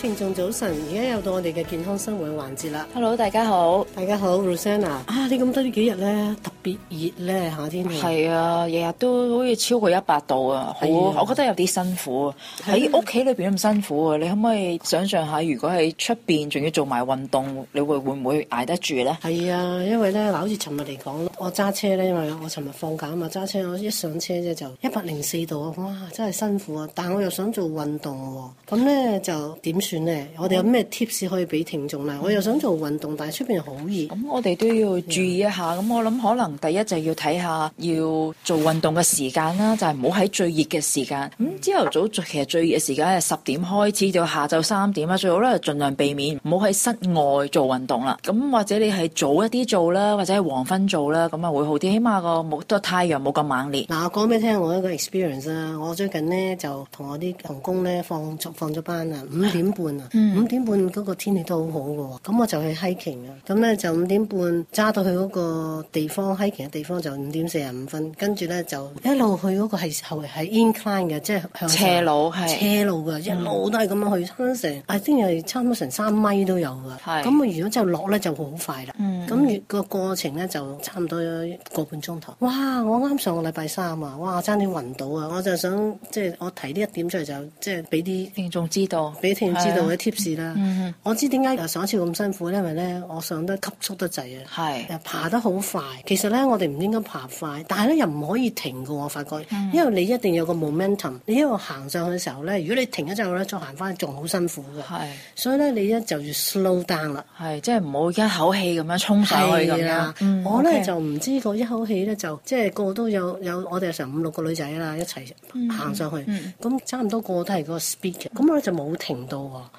聽眾早晨，而家又到我哋嘅健康生活嘅環節啦。Hello，大家好，大家好，Rosanna。啊，你咁多呢幾日咧。別熱咧，夏天係啊，日日都好似超過一百度啊，好，我覺得有啲辛苦啊。喺屋企裏面咁辛苦啊，你可唔可以想象下，如果喺出面仲要做埋運動，你會會唔會捱得住咧？係啊，因為咧嗱，好似尋日嚟講，我揸車咧，因為我尋日放假啊嘛，揸車我一上車啫，就一百零四度啊，哇，真係辛苦啊！但我又想做運動喎，啊，咁咧就點算咧？我哋有咩 tips 可以俾聽眾呢？我又想做運動，但係出面好熱，咁，啊，我哋都要注意一下。咁，啊，我諗可能。第一就要睇下要做運動嘅時間啦，就係唔好喺最熱嘅時間。咁朝頭早其實最熱嘅時間係十點開始到下晝三點啦，最好咧盡量避免唔好喺室外做運動啦。咁、嗯、或者你係早一啲做啦，或者係黃昏做啦，咁啊會好啲，起碼個冇多太陽冇咁猛烈。嗱，我講俾你聽我一個 experience 啦，我最近呢，就同我啲同工咧放放咗班了、嗯、啊，五點半啊，五點半嗰個天氣都好好嘅，咁我就去 hiking 啊，咁咧就五點半揸到去嗰個地方。批嘅地方就五點四十五分，跟住咧，就一路去嗰個係後係 incline 嘅，即係、就是、向斜路，斜路嘅，一路都係咁樣、嗯、去差多，咁成，啊，聽係差唔多成三米都有噶，咁啊，如果之後落咧就好快啦。嗯咁、嗯、個、那個過程咧就差唔多一個半鐘頭。哇！我啱上個禮拜三啊，哇！我差啲暈到啊！我就想即係我提呢一點出嚟，就即係俾啲聽眾知道，俾聽眾知道啲 tips 啦。我知點解上一次咁辛苦，因為咧我上得急速得滯啊，又爬得好快。其實咧我哋唔應該爬快，但係咧又唔可以停㗎。我發覺、嗯，因為你一定要有個 momentum。你一路行上去嘅時候咧，如果你停一陣咧，再行翻仲好辛苦嘅。係，所以咧你咧就要 slow down 啦。係，即係唔好一口氣咁樣。係、啊嗯、我咧、okay. 就唔知個一口氣咧就即係個個都有有我哋成五六個女仔啦一齊行上去，咁、嗯、差唔多個都個都係個 speed 咁我就冇停到喎、啊，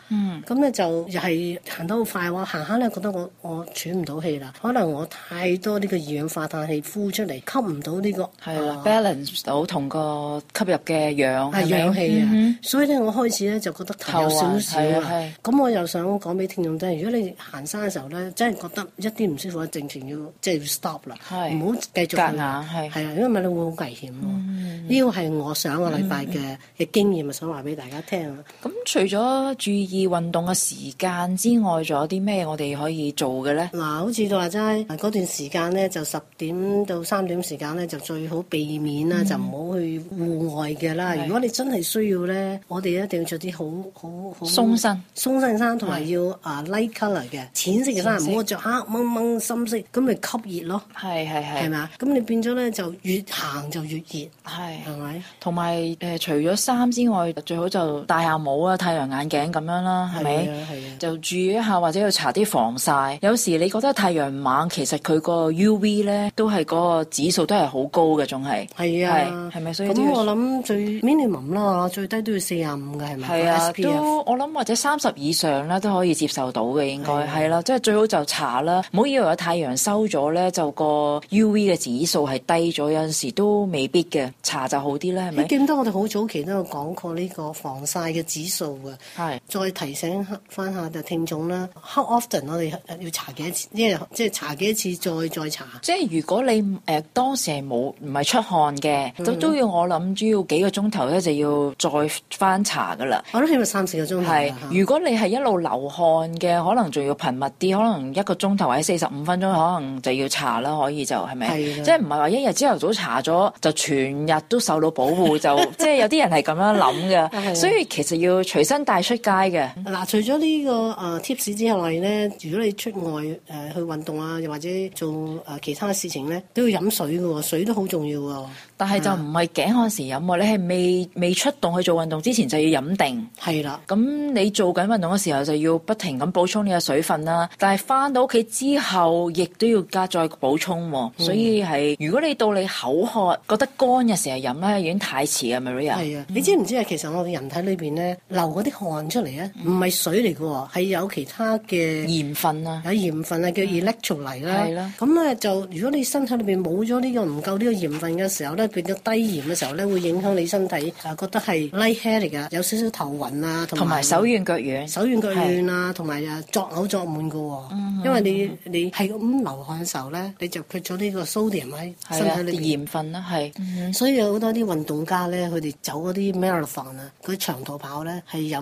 咁、嗯、咧就又係行得好快喎，行下咧覺得我我喘唔到氣啦，可能我太多呢個二氧化碳氣呼出嚟，吸唔到呢、個係啦，balance、啊啊、到同個吸入嘅氧、啊、氧氣啊，嗯嗯所以咧我開始咧就覺得頭有少少咁、啊啊 okay. 我又想講俾聽眾聽，如果你行山嘅時候咧，真係覺得一啲唔舒服，正常要即係、就是、要 stop 啦，係唔好繼續繼續，係啊，因為唔係你會好危險，咯、嗯。呢個係我上個禮拜嘅嘅、嗯、經驗啊想話俾大家聽。咁、嗯、除咗注意運動嘅時間之外，仲有啲咩我哋可以做嘅咧？嗱、啊，好似話齋啊段時間咧，就十點到三點時間咧，就最好避免、啊嗯、不要啦，就唔好去戶外嘅啦。如果你真係需要咧，我哋一定要着啲好好好，鬆身鬆身衫，同埋要是啊 light color 嘅淺色嘅衫，唔好着黑黴。深色咁咪吸熱咯，係係係，係嘛？咁你變咗咧就越行就越熱，係係咪？同埋誒，除咗衫之外，最好就戴下帽啊、太陽眼鏡咁樣啦，係咪？係啊就注意一下或者去搽啲防晒。有時你覺得太陽猛，其實佢個 U V 咧都係嗰個指數都係好高嘅，仲係係啊，係咪？所以咁我諗最 minimum 啦，最低都要四十五嘅係咪？係啊，SPF、都我諗或者三十以上咧都可以接受到嘅，應該係啦。即係最好就搽啦。唔好以為有太陽收咗咧，就個 U V 嘅指數係低咗，有陣時都未必嘅，查就好啲啦，係咪？你記得我哋好早期都有講過呢個防曬嘅指數嘅。係。再提醒翻下就聽眾啦，How often 我哋要查幾多次？一日即係查幾多次再？再再查。即係如果你誒、呃、當時係冇唔係出汗嘅，咁、嗯、都要我諗，主要幾個鐘頭咧就要再翻查㗎啦。我都起碼三四個鐘頭。係。如果你係一路流汗嘅，可能仲要頻密啲，可能一個鐘頭或者。四十五分鐘可能就要查啦，可以就係咪？係、係即係唔係話一日朝頭早查咗就全日都受到保護？ 就即有啲人係咁樣諗嘅， 所以其實要隨身帶出街嘅嗱、啊。除咗呢、呢個誒 tips、呃、之外咧，如果你出外、呃、去運動啊，又或者做、呃、其他嘅事情咧，都要飲水㗎喎，水都好重要喎。但係就唔係頸渴時飲喎，你係未未出動去做運動之前就要飲定，係啦。咁你做緊運動嘅時候就要不停咁補充你嘅水分啦。但係翻到屋企之後，亦都要加再補充喎。所以係如果你到你口渴、覺得乾嘅時候飲咧，已經太遲啦，Maria。係啊，你知唔知啊？其實我哋人體裏面咧流嗰啲汗出嚟咧，唔係水嚟㗎喎，係有其他嘅鹽分啦、啊，有鹽分啊，叫 electrolyte 嚟啦。係啦。咁咧就如果你身體裏面冇咗呢個唔夠呢個鹽分嘅時候咧。變咗低鹽嘅時候咧，會影響你身體，啊，覺得係 light head 嚟噶，有少少頭暈啊，同埋手軟腳軟，手軟腳軟啊，同埋啊作嘔作悶噶喎，因為你你係咁流汗嘅時候咧，你就缺咗呢個 sodium 喺身體裏面。鹽分啦，係、嗯，所以有好多啲運動家咧，佢哋走嗰啲 marathon 啊，嗰啲長途跑咧，係飲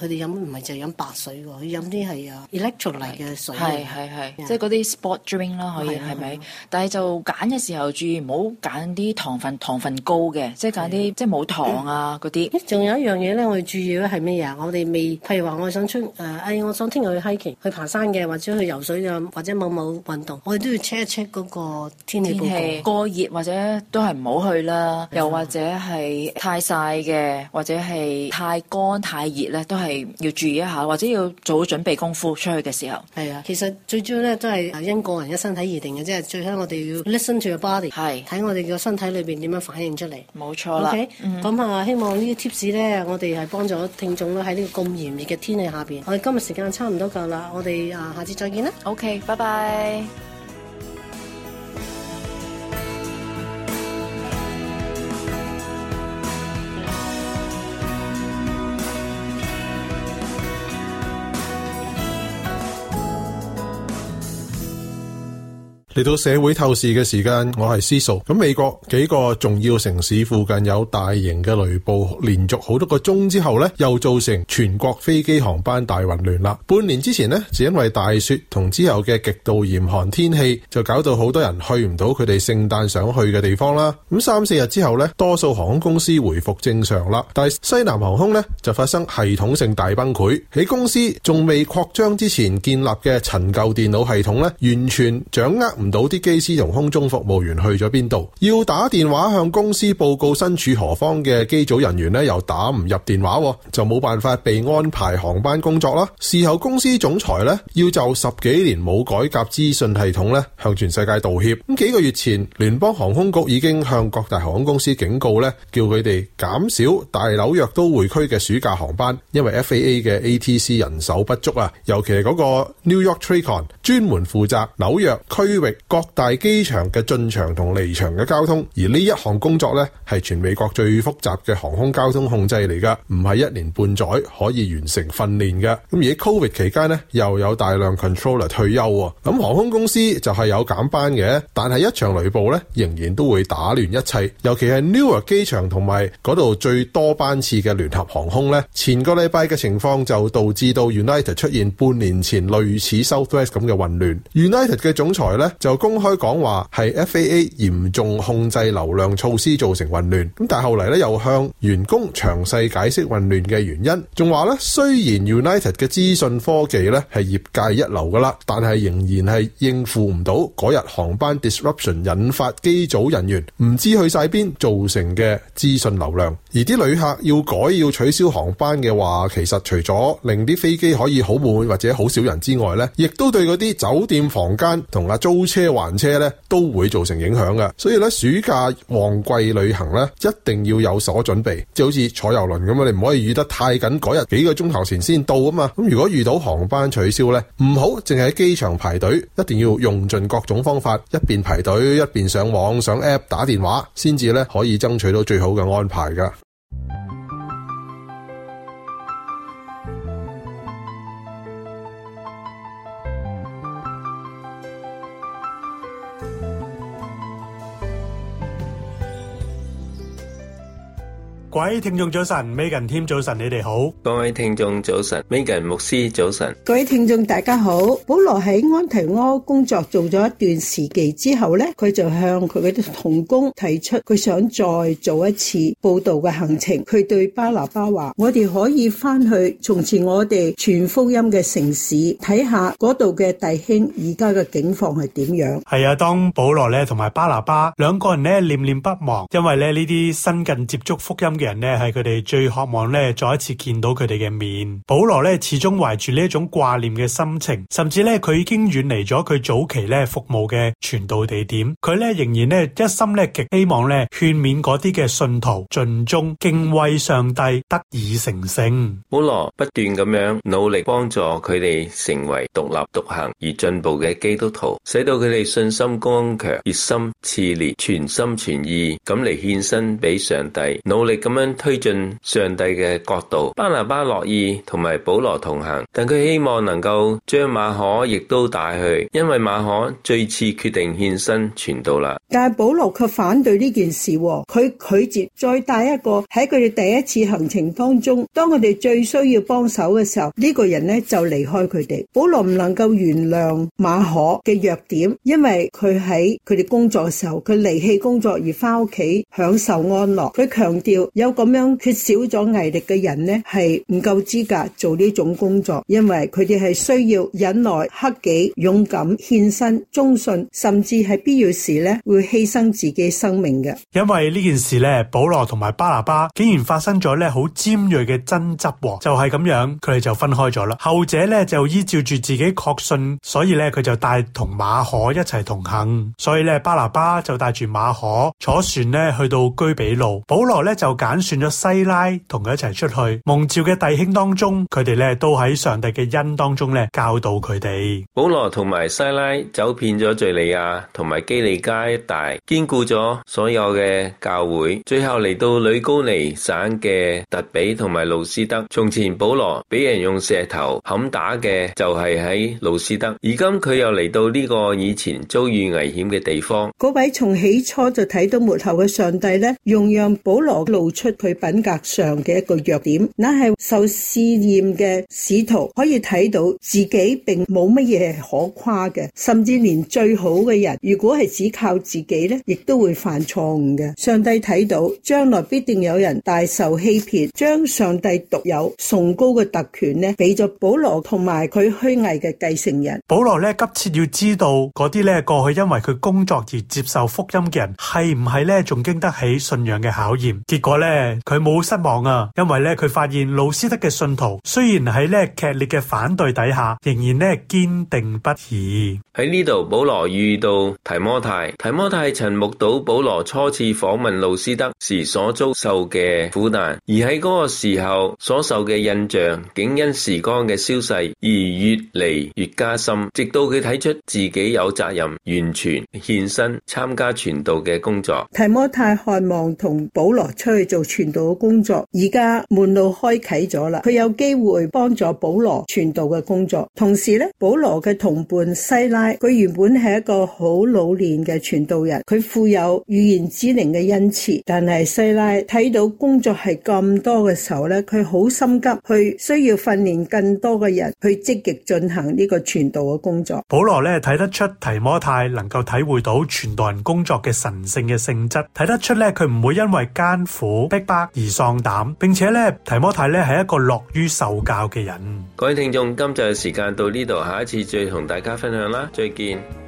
佢哋飲唔係淨係飲白水喎，佢飲啲係啊 electrolyte 嘅水，係係係，即係嗰啲 sport drink 啦，可以係咪？但係就揀嘅時候注意，唔好揀啲糖。份糖分高嘅，即係揀啲即係冇糖啊嗰啲。仲、嗯、有一樣嘢咧，我哋注意咧係咩啊？我哋未譬如話、呃，我想出誒，哎，我想聽日去 hiking 去爬山嘅，或者去游水啊，或者某某運動，我哋都要 check 一 check 嗰個天氣。天氣過熱或者都係唔好去啦。又或者係太曬嘅，或者係太乾太熱咧，都係要注意一下，或者要做好準備功夫出去嘅時候。係啊。其實最主要咧都係因個人嘅身體而定嘅，即係最緊要我哋要 listen to your body，係睇我哋嘅身體裏。邊點樣反映出嚟？冇錯啦。咁、okay? 啊、嗯，希望這呢啲 tips 咧，我哋係幫助聽眾咧喺呢個咁炎熱嘅天氣下邊。我哋今日時間差唔多夠啦，我哋啊，下次再見啦。OK，拜拜。嚟到社會透視嘅時間，我係思素。咁美國幾個重要城市附近有大型嘅雷暴，連續好多個鐘之後呢，又造成全國飛機航班大混亂啦。半年之前呢，就因為大雪同之後嘅極度嚴寒天氣，就搞到好多人去唔到佢哋聖誕想去嘅地方啦。咁三四日之後呢，多數航空公司回復正常啦，但係西南航空呢，就發生系統性大崩潰。喺公司仲未擴張之前建立嘅陳舊電腦系統呢，完全掌握唔到。到啲機師同空中服務員去咗邊度？要打電話向公司報告身處何方嘅機組人員咧，又打唔入電話，就冇辦法被安排航班工作啦。事後公司總裁咧，要就十幾年冇改革資訊系統咧，向全世界道歉。咁幾個月前，聯邦航空局已經向各大航空公司警告咧，叫佢哋減少大紐約都會區嘅暑假航班，因為 F A A 嘅 A T C 人手不足啊，尤其係嗰個 New York TRACON 專門負責紐約區域。各大機場嘅進場同離場嘅交通，而呢一行工作呢係全美國最複雜嘅航空交通控制嚟㗎，唔係一年半載可以完成訓練嘅。咁而喺 Covid 期間呢，又有大量 controller 退休喎、啊。咁航空公司就係有減班嘅，但係一場雷暴呢仍然都會打亂一切。尤其係 Newark 機場同埋嗰度最多班次嘅聯合航空呢。前個禮拜嘅情況就導致到 United 出現半年前類似 Southwest 咁嘅混亂。United 嘅總裁呢。又公開講話係 FAA 嚴重控制流量措施造成混亂，咁但係後嚟咧又向員工詳細解釋混亂嘅原因，仲話咧雖然 United 嘅資訊科技咧係業界一流㗎喇，但係仍然係應付唔到嗰日航班 disruption 引發機組人員唔知去晒邊造成嘅資訊流量，而啲旅客要改要取消航班嘅話，其實除咗令啲飛機可以好滿或者好少人之外咧，亦都對嗰啲酒店房間同埋租車，車還車咧都會造成影響嘅，所以咧暑假旺季旅行咧一定要有所準備，即好似坐遊輪咁你唔可以預得太緊，嗰日幾個鐘頭前先到啊嘛。咁如果遇到航班取消咧，唔好淨係喺機場排隊，一定要用盡各種方法，一邊排隊一邊上網上 app 打電話，先至咧可以爭取到最好嘅安排噶。各位聽眾早晨，Megan 添早晨，你哋好。各位聽眾早晨，Megan 牧師早晨。各位聽眾大家好。保羅喺安提阿工作做咗一段時期之後咧，佢就向佢嗰啲同工提出佢想再做一次佈道嘅行程。佢對巴拿巴話：我哋可以翻去從前我哋傳福音嘅城市睇下嗰度嘅弟兄而家嘅境況係點樣。係啊，當保羅咧同埋巴拿巴兩個人咧念念不忘，因為咧呢啲新近接觸福音嘅。人呢，係佢哋最渴望咧，再一次見到佢哋嘅面。保羅咧始終懷住呢一種掛念嘅心情，甚至咧佢已經遠離咗佢早期咧服務嘅傳道地點，佢咧仍然呢，一心咧極希望咧勸勉嗰啲嘅信徒盡忠敬畏上帝，得以成聖。保羅不斷咁樣努力幫助佢哋成為獨立獨行而進步嘅基督徒，使到佢哋信心剛強、熱心熾烈、全心全意咁嚟獻身俾上帝，努力咁。推進上帝嘅國度，巴拿巴樂意同埋保羅同行，但佢希望能夠將馬可亦都帶去，因為馬可最次決定獻身傳道啦。但係保羅卻反對呢件事，佢拒絕再帶一個喺佢哋第一次行程當中，當佢哋最需要幫手嘅時候，呢個人呢就離開佢哋。保羅唔能夠原諒馬可嘅弱點，因為佢喺佢哋工作嘅時候，佢離棄工作而翻屋企享受安樂。佢強調。有咁樣缺少咗毅力嘅人呢，係唔夠資格做呢種工作，因為佢哋係需要忍耐、克己、勇敢、獻身、忠信，甚至係必要時呢，會犧牲自己生命嘅。因為呢件事呢，保羅同埋巴拿巴竟然發生咗呢好尖鋭嘅爭執，就係咁樣佢哋就分開咗啦。後者呢，就依照住自己確信，所以呢，佢就帶同馬可一齊同行，所以呢，巴拿巴就帶住馬可坐船呢去到居比路，保羅呢，就揀選咗西拉同佢一齊出去。蒙召嘅弟兄當中，佢哋咧都喺上帝嘅恩當中咧教導佢哋。保羅同埋西拉走遍咗敘利亞同埋基利加一帶，堅固咗所有嘅教會。最後嚟到呂高尼省嘅特比同埋路斯德。從前保羅俾人用石頭冚打嘅就係喺路斯德，而今佢又嚟到呢個以前遭遇危險嘅地方。嗰位從起初就睇到末後嘅上帝咧，用讓保羅路。出佢品格上嘅一個弱點，那係受試驗嘅使徒可以睇到自己並冇乜嘢可誇嘅，甚至連最好嘅人，如果係只靠自己咧，亦都會犯錯誤嘅。上帝睇到將來必定有人大受欺騙，將上帝獨有崇高嘅特權咧，俾咗保羅同埋佢虛偽嘅繼承人。保羅咧急切要知道嗰啲咧過去因為佢工作而接受福音嘅人係唔係咧仲經得起信仰嘅考驗？結果咧。佢冇失望啊，因為咧佢發現路斯德嘅信徒雖然喺咧劇烈嘅反對底下，仍然咧堅定不移。喺呢度保羅遇到提摩太，提摩太曾目睹保羅初次訪問路斯德時所遭受嘅苦難，而喺嗰個時候所受嘅印象，竟因時光嘅消逝而越嚟越加深，直到佢睇出自己有責任完全獻身參加傳道嘅工作。提摩太渴望同保羅出去做。傳道嘅工作，而家門路開啟咗啦，佢有機會幫助保羅傳道嘅工作。同時咧，保羅嘅同伴西拉，佢原本係一個好老練嘅傳道人，佢富有預言之靈嘅恩賜。但係西拉睇到工作係咁多嘅時候咧，佢好心急去需要訓練更多嘅人去積極進行呢個傳道嘅工作。保羅咧睇得出提摩太能夠體會到傳道人工作嘅神聖嘅性質，睇得出咧佢唔會因為艱苦。逼迫而喪膽，並且咧提摩太咧係一個樂於受教嘅人。各位聽眾，今集嘅時間到呢度，下一次再同大家分享啦，再見。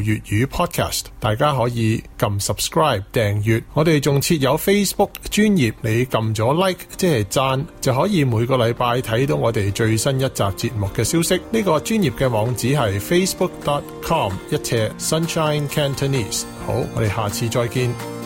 粵語 podcast，大家可以撳 subscribe 訂閱。我哋仲設有 Facebook 專頁，你撳咗 like 即係讚，就可以每個禮拜睇到我哋最新一集節目嘅消息。呢個專頁嘅網址係 facebook.com 一切 SunshineCantonese。好，我哋下次再見。